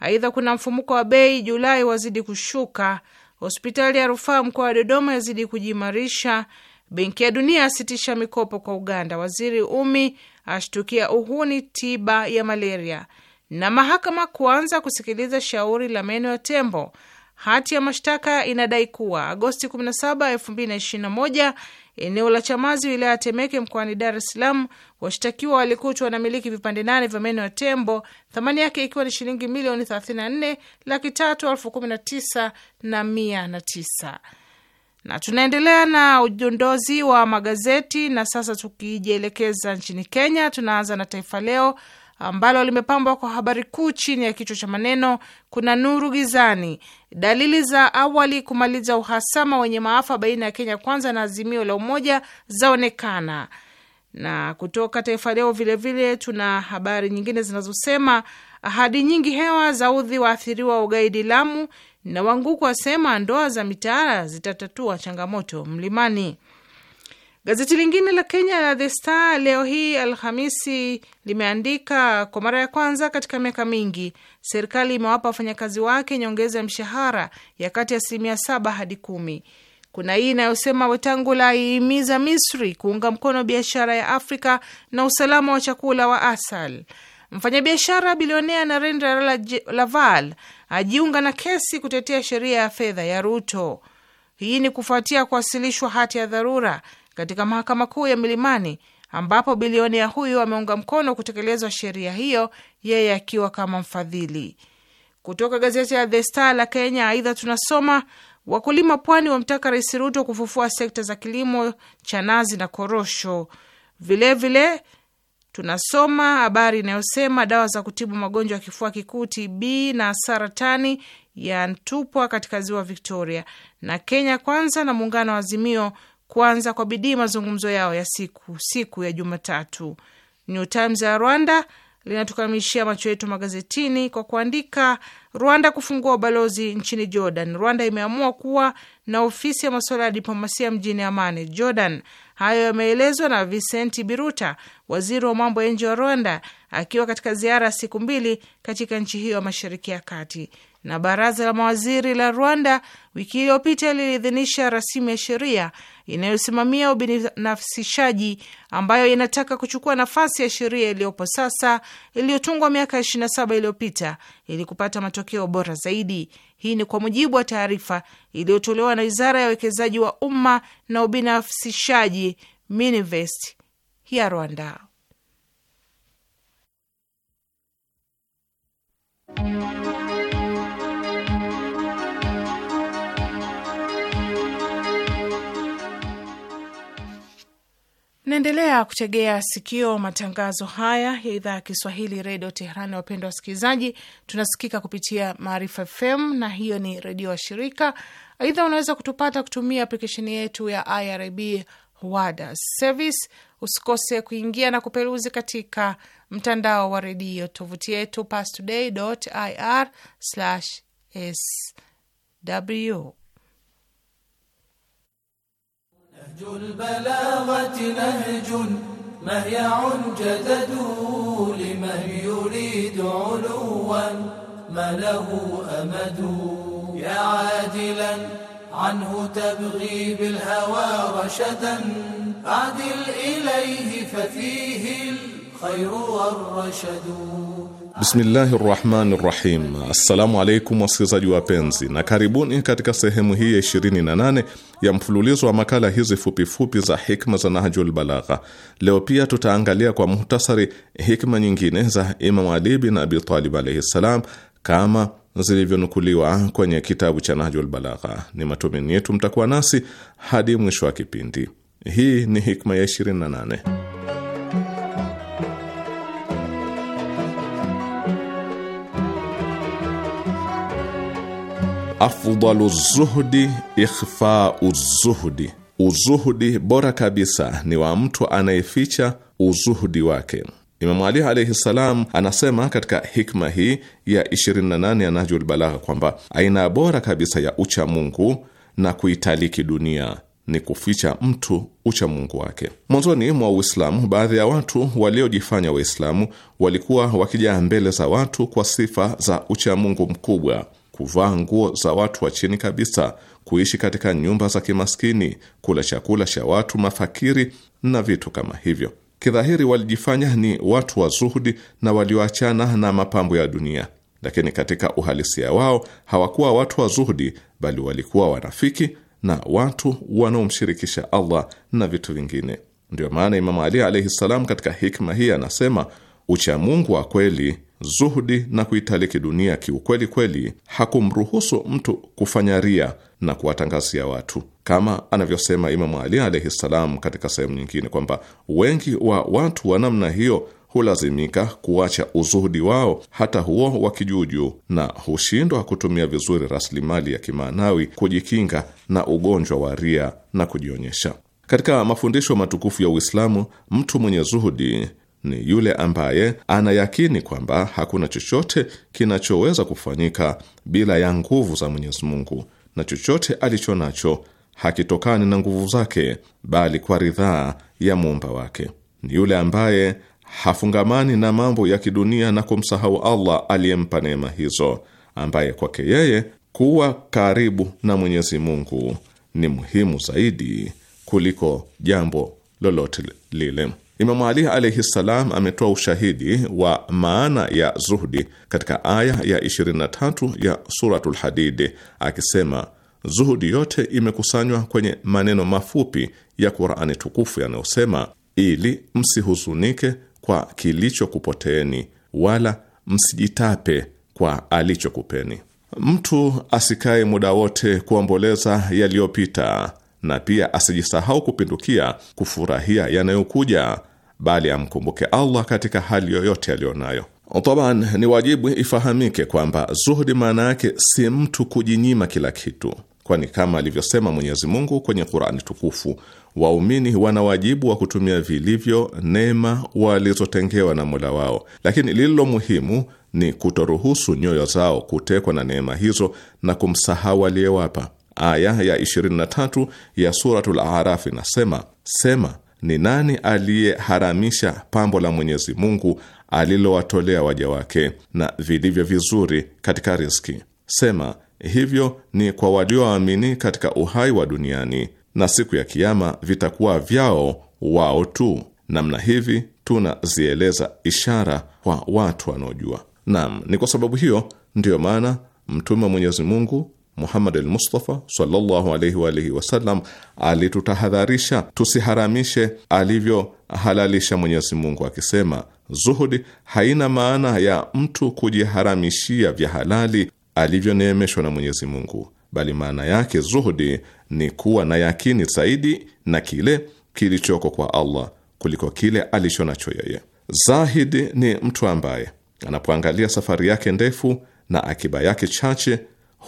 Aidha, kuna mfumuko wa bei Julai wazidi kushuka. Hospitali ya rufaa mkoa wa Dodoma yazidi kujiimarisha. Benki ya Dunia asitisha mikopo kwa Uganda. Waziri Umi ashtukia uhuni tiba ya malaria, na mahakama kuanza kusikiliza shauri la meno ya tembo. Hati ya mashtaka inadai kuwa Agosti 17, 2021 eneo la Chamazi, wilaya ya Temeke, mkoani Dar es Salaam. Washtakiwa walikutwa miliki vipande nane vya meno ya tembo, thamani yake ikiwa ni shilingi milioni 34 laki tatu elfu kumi na tisa na mia na tisa. Na tunaendelea na udondozi wa magazeti na sasa tukijielekeza nchini Kenya, tunaanza na Taifa Leo ambalo limepambwa kwa habari kuu chini ya kichwa cha maneno kuna nuru gizani, dalili za awali kumaliza uhasama wenye maafa baina ya Kenya Kwanza na Azimio la Umoja zaonekana. Na kutoka Taifa Leo vilevile tuna habari nyingine zinazosema ahadi nyingi hewa za udhi waathiriwa wa ugaidi Lamu, na Wanguku wasema ndoa za mitaala zitatatua changamoto Mlimani. Gazeti lingine la Kenya la The Star leo hii Alhamisi limeandika kwa mara ya kwanza katika miaka mingi, serikali imewapa wafanyakazi wake nyongeza ya mshahara ya kati ya asilimia saba hadi kumi. Kuna hii inayosema Wetangula ihimiza Misri kuunga mkono biashara ya Afrika na usalama wa chakula wa asal. Mfanyabiashara bilionea Narendra Laval ajiunga na kesi kutetea sheria ya fedha ya Ruto. Hii ni kufuatia kuwasilishwa hati ya dharura katika mahakama kuu ya Milimani ambapo bilionea huyu ameunga mkono kutekelezwa sheria hiyo, yeye akiwa kama mfadhili. Kutoka gazeti ya The Star la Kenya. Aidha tunasoma wakulima pwani wamtaka Rais Ruto kufufua sekta za kilimo cha nazi na korosho. Vilevile tunasoma habari inayosema dawa za kutibu magonjwa ya kifua kikuu TB na saratani yantupwa katika ziwa Victoria, na Kenya Kwanza na muungano wa Azimio kuanza kwa bidii mazungumzo yao ya siku siku ya Jumatatu. New Times ya Rwanda linatukamishia macho yetu magazetini kwa kuandika Rwanda kufungua ubalozi nchini Jordan. Rwanda imeamua kuwa na ofisi ya masuala ya diplomasia mjini Amani, Jordan. Hayo yameelezwa na Vicenti Biruta, waziri wa mambo ya nje wa Rwanda, akiwa katika ziara ya siku mbili katika nchi hiyo ya mashariki ya kati. Na baraza la mawaziri la Rwanda wiki iliyopita liliidhinisha rasimu ya sheria inayosimamia ubinafsishaji ambayo inataka kuchukua nafasi ya sheria iliyopo sasa iliyotungwa miaka 27 iliyopita ili kupata matokeo bora zaidi. Hii ni kwa mujibu wa taarifa iliyotolewa na Wizara ya Uwekezaji wa Umma na Ubinafsishaji Mininvest ya Rwanda. Naendelea kutegea sikio matangazo haya ya idhaa ya Kiswahili redio Teherani. Wapendwa wasikilizaji, tunasikika kupitia Maarifa FM na hiyo ni redio wa shirika. Aidha, unaweza kutupata kutumia aplikesheni yetu ya IRIB wada service. Usikose kuingia na kuperuzi katika mtandao wa redio, tovuti yetu pastoday ir sw نهج البلاغة نهج مهيع جدد لمن يريد علوا ما له أمد يا عادلا عنه تبغي بالهوى رشدا عدل إليه ففيه الخير والرشد بسم الله الرحمن الرحيم السلام عليكم wapenzi, na karibuni katika sehemu hii ya ya mfululizo wa makala hizi fupifupi za hikma za Nahjul Balagha. Leo pia tutaangalia kwa muhtasari hikma nyingine za Imamu Ali bin Abi Talib alaihi ssalam kama zilivyonukuliwa kwenye kitabu cha Nahjul Balagha. Ni matumaini yetu mtakuwa nasi hadi mwisho wa kipindi. Hii ni hikma ya 28. afdalu zuhdi ikhfau uzuhdi, uzuhudi bora kabisa ni wa mtu anayeficha uzuhudi wake. Imamu Ali alaihi salam anasema katika hikma hii ya 28 ya Nahjul Balagha kwamba aina bora kabisa ya ucha Mungu na kuitaliki dunia ni kuficha mtu ucha Mungu wake. Mwanzoni mwa Uislamu, baadhi ya watu waliojifanya Waislamu walikuwa wakijaa mbele za watu kwa sifa za ucha Mungu mkubwa kuvaa nguo za watu wa chini kabisa, kuishi katika nyumba za kimaskini, kula chakula cha watu mafakiri na vitu kama hivyo. Kidhahiri walijifanya ni watu wa zuhudi na walioachana na mapambo ya dunia, lakini katika uhalisia wao hawakuwa watu wa zuhudi, bali walikuwa wanafiki na watu wanaomshirikisha Allah na vitu vingine. Ndio maana Imamu Ali alaihi katika hikma hii anasema, uchamungu wa kweli zuhudi na kuitaliki dunia kiukweli kweli hakumruhusu mtu kufanya ria na kuwatangazia watu, kama anavyosema Imamu Ali alaihi ssalam katika sehemu nyingine kwamba wengi wa watu wa namna hiyo hulazimika kuacha uzuhudi wao hata huo wa kijuujuu na hushindwa kutumia vizuri rasilimali ya kimaanawi kujikinga na ugonjwa wa ria na kujionyesha. Katika mafundisho matukufu ya Uislamu, mtu mwenye zuhudi ni yule ambaye anayakini kwamba hakuna chochote kinachoweza kufanyika bila ya nguvu za Mwenyezi Mungu, na chochote alicho nacho hakitokani na nguvu zake, bali kwa ridhaa ya muumba wake. Ni yule ambaye hafungamani na mambo ya kidunia na kumsahau Allah aliyempa neema hizo, ambaye kwake yeye kuwa karibu na Mwenyezi Mungu ni muhimu zaidi kuliko jambo lolote lile. Imamu Ali alaihi ssalam ametoa ushahidi wa maana ya zuhdi katika aya ya 23 ya Suratul Hadid akisema, zuhudi yote imekusanywa kwenye maneno mafupi ya Qurani tukufu yanayosema, ili msihuzunike kwa kilichokupoteeni wala msijitape kwa alichokupeni. Mtu asikae muda wote kuomboleza yaliyopita na pia asijisahau kupindukia kufurahia yanayokuja, bali amkumbuke Allah katika hali yoyote aliyonayo. Taban, ni wajibu ifahamike kwamba zuhudi maana yake si mtu kujinyima kila kitu, kwani kama alivyosema Mwenyezi Mungu kwenye Qur'ani tukufu, waumini wana wajibu wa kutumia vilivyo neema walizotengewa na Mola wao, lakini lililo muhimu ni kutoruhusu nyoyo zao kutekwa na neema hizo na kumsahau aliyewapa. Aya ya 23 ya Suratul arafi inasema: Sema, ni nani aliyeharamisha pambo la Mwenyezi Mungu alilowatolea waja wake na vilivyo vizuri katika riski Sema, hivyo ni kwa walioamini katika uhai wa duniani, na siku ya Kiama vitakuwa vyao wao tu. Namna hivi tunazieleza ishara kwa watu wanaojua. Naam, ni kwa sababu hiyo ndiyo maana mtume wa Mwenyezi Mungu Muhammad al-Mustafa sallallahu alayhi wa alihi wasallam alitutahadharisha tusiharamishe alivyohalalisha Mwenyezi Mungu akisema, zuhudi haina maana ya mtu kujiharamishia vya halali alivyoneemeshwa na Mwenyezi Mungu, bali maana yake zuhudi ni kuwa na yakini zaidi na kile kilichoko kwa Allah kuliko kile alicho nacho yeye. Zahidi ni mtu ambaye anapoangalia safari yake ndefu na akiba yake chache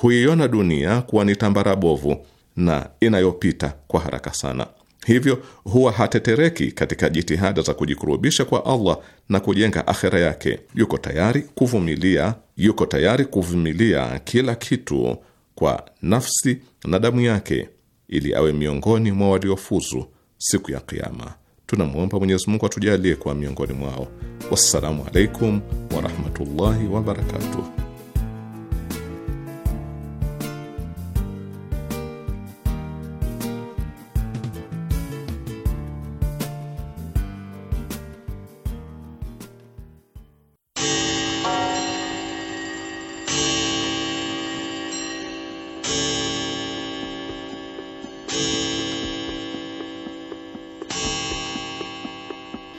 huiona dunia kuwa ni tambara bovu na inayopita kwa haraka sana, hivyo huwa hatetereki katika jitihada za kujikurubisha kwa Allah na kujenga akhera yake. Yuko tayari kuvumilia, yuko tayari kuvumilia kila kitu kwa nafsi na damu yake ili awe miongoni mwa waliofuzu siku ya kiama Tunamwomba Mwenyezi Mungu atujalie kuwa miongoni mwao. Wassalamu alaikum warahmatullahi wabarakatuh.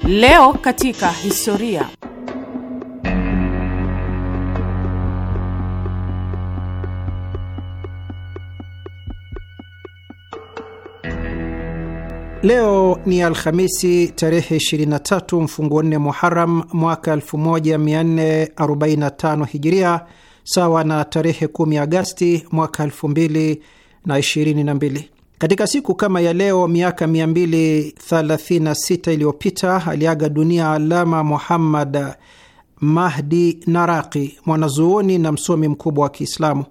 Leo katika historia. Leo ni Alhamisi tarehe 23 mfunguo nne Muharam mwaka 1445 Hijiria, sawa na tarehe 10 Agasti mwaka 2022. Katika siku kama ya leo miaka 236 iliyopita aliaga dunia Alama Muhammad Mahdi Naraqi, mwanazuoni na msomi mkubwa wa Kiislamu.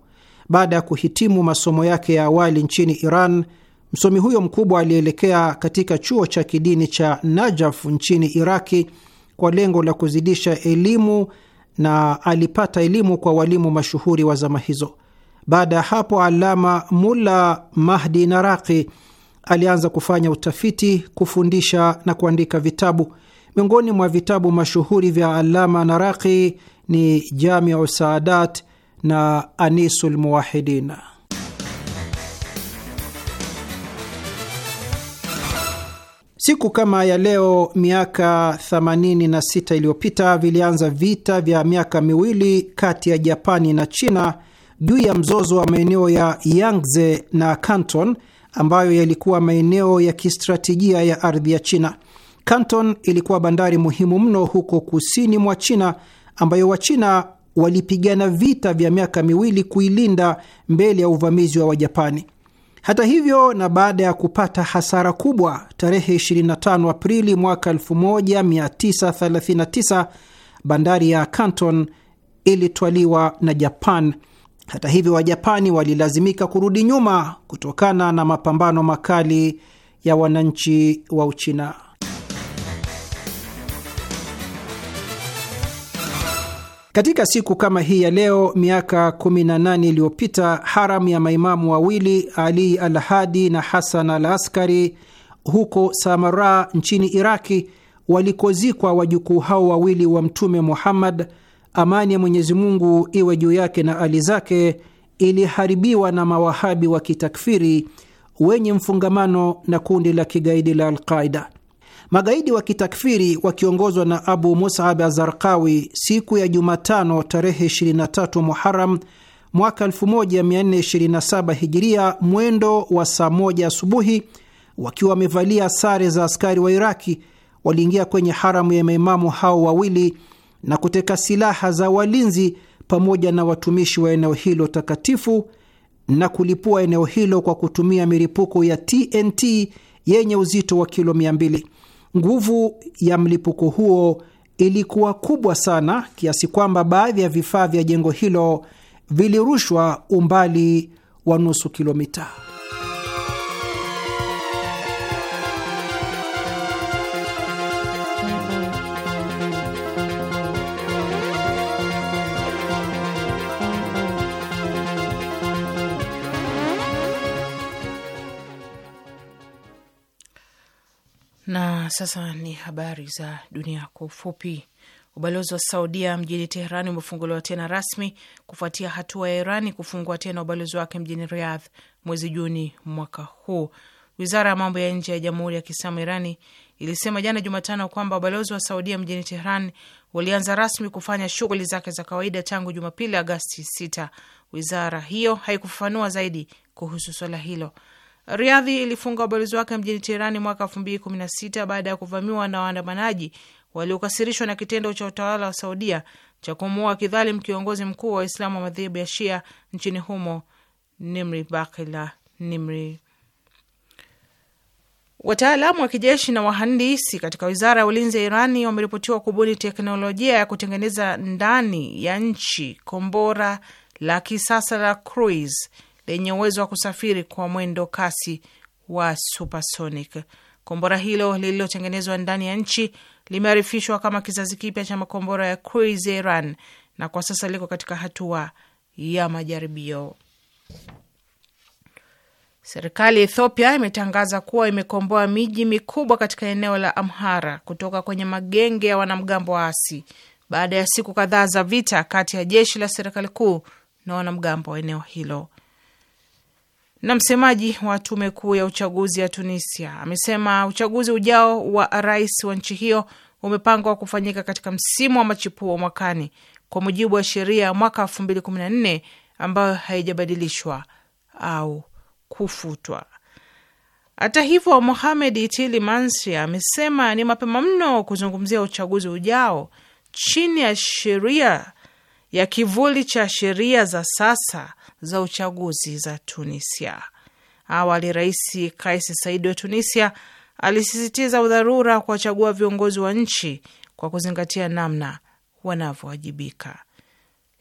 Baada ya kuhitimu masomo yake ya awali nchini Iran, msomi huyo mkubwa alielekea katika chuo cha kidini cha Najaf nchini Iraki kwa lengo la kuzidisha elimu na alipata elimu kwa walimu mashuhuri wa zama hizo. Baada ya hapo, Alama Mulla Mahdi Naraqi alianza kufanya utafiti, kufundisha na kuandika vitabu. Miongoni mwa vitabu mashuhuri vya Alama Naraqi ni Jamiu Saadat na Anisul Muwahidin. Siku kama ya leo miaka 86 iliyopita vilianza vita vya miaka miwili kati ya Japani na China juu ya mzozo wa maeneo ya Yangtze na Canton ambayo yalikuwa maeneo ya kistratejia ya ardhi ya China. Canton ilikuwa bandari muhimu mno huko kusini mwa China ambayo Wachina walipigana vita vya miaka miwili kuilinda mbele ya uvamizi wa Wajapani. Hata hivyo, na baada ya kupata hasara kubwa, tarehe 25 Aprili mwaka 1939 bandari ya Canton ilitwaliwa na Japan hata hivyo, Wajapani walilazimika kurudi nyuma kutokana na mapambano makali ya wananchi wa Uchina. Katika siku kama hii ya leo miaka 18 iliyopita haram ya maimamu wawili Ali al Hadi na Hasan al Askari huko Samara nchini Iraki walikozikwa wajukuu hao wawili wa Mtume Muhammad amani ya Mwenyezi Mungu iwe juu yake na ali zake, iliharibiwa na mawahabi wa kitakfiri wenye mfungamano na kundi la kigaidi la Alqaida. Magaidi wa kitakfiri wakiongozwa na Abu Musab Azarqawi siku ya Jumatano tarehe 23 Muharam mwaka 1427 Hijiria, mwendo wa saa moja asubuhi, wakiwa wamevalia sare za askari wa Iraki, waliingia kwenye haramu ya maimamu hao wawili na kuteka silaha za walinzi pamoja na watumishi wa eneo hilo takatifu na kulipua eneo hilo kwa kutumia milipuko ya TNT yenye uzito wa kilo 200. Nguvu ya mlipuko huo ilikuwa kubwa sana kiasi kwamba baadhi ya vifaa vya jengo hilo vilirushwa umbali wa nusu kilomita. Na sasa ni habari za dunia kwa ufupi. Ubalozi wa Saudia mjini Teherani umefunguliwa tena rasmi kufuatia hatua ya Irani kufungua tena ubalozi wake mjini Riyadh mwezi Juni mwaka huu. Wizara ya mambo ya nje ya Jamhuri ya Kiislamu Irani ilisema jana Jumatano kwamba ubalozi wa Saudia mjini Tehran ulianza rasmi kufanya shughuli zake za kawaida tangu Jumapili, Agasti 6. Wizara hiyo haikufafanua zaidi kuhusu swala hilo. Riadhi ilifunga ubalozi wake mjini Teherani mwaka elfu mbili kumi na sita baada ya kuvamiwa na waandamanaji waliokasirishwa na kitendo cha utawala wa Saudia cha kumuua kidhalim kiongozi mkuu wa Waislamu wa madhehebu ya Shia nchini humo, Nimri Bakila Nimri. Wataalamu wa kijeshi na wahandisi katika wizara ya ulinzi ya Irani wameripotiwa kubuni teknolojia ya kutengeneza ndani ya nchi kombora la kisasa la cruise lenye uwezo wa kusafiri kwa mwendo kasi wa supersonic. Kombora hilo lililotengenezwa ndani ya nchi limearifishwa kama kizazi kipya cha makombora ya Cruise Iran na kwa sasa liko katika hatua ya majaribio. Serikali ya Ethiopia imetangaza kuwa imekomboa miji mikubwa katika eneo la Amhara kutoka kwenye magenge ya wanamgambo waasi baada ya siku kadhaa za vita kati ya jeshi la serikali kuu na wanamgambo wa eneo hilo. Na msemaji wa tume kuu ya uchaguzi ya Tunisia amesema uchaguzi ujao wa rais wa nchi hiyo umepangwa kufanyika katika msimu wa machipuo mwakani kwa mujibu wa sheria ya mwaka elfu mbili kumi na nne ambayo haijabadilishwa au kufutwa. Hata hivyo, Mohamed Itili Mansi amesema ni mapema mno kuzungumzia uchaguzi ujao chini ya sheria ya kivuli cha sheria za sasa za uchaguzi za Tunisia. Awali Rais Kais Saidi wa Tunisia alisisitiza udharura kuwachagua viongozi wa nchi kwa kuzingatia namna wanavyowajibika.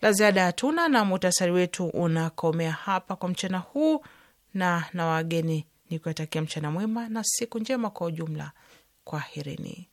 La ziada hatuna, na muhtasari wetu unakomea hapa kwa mchana huu, na na wageni ni kuwatakia mchana mwema na siku njema kwa ujumla. Kwaherini.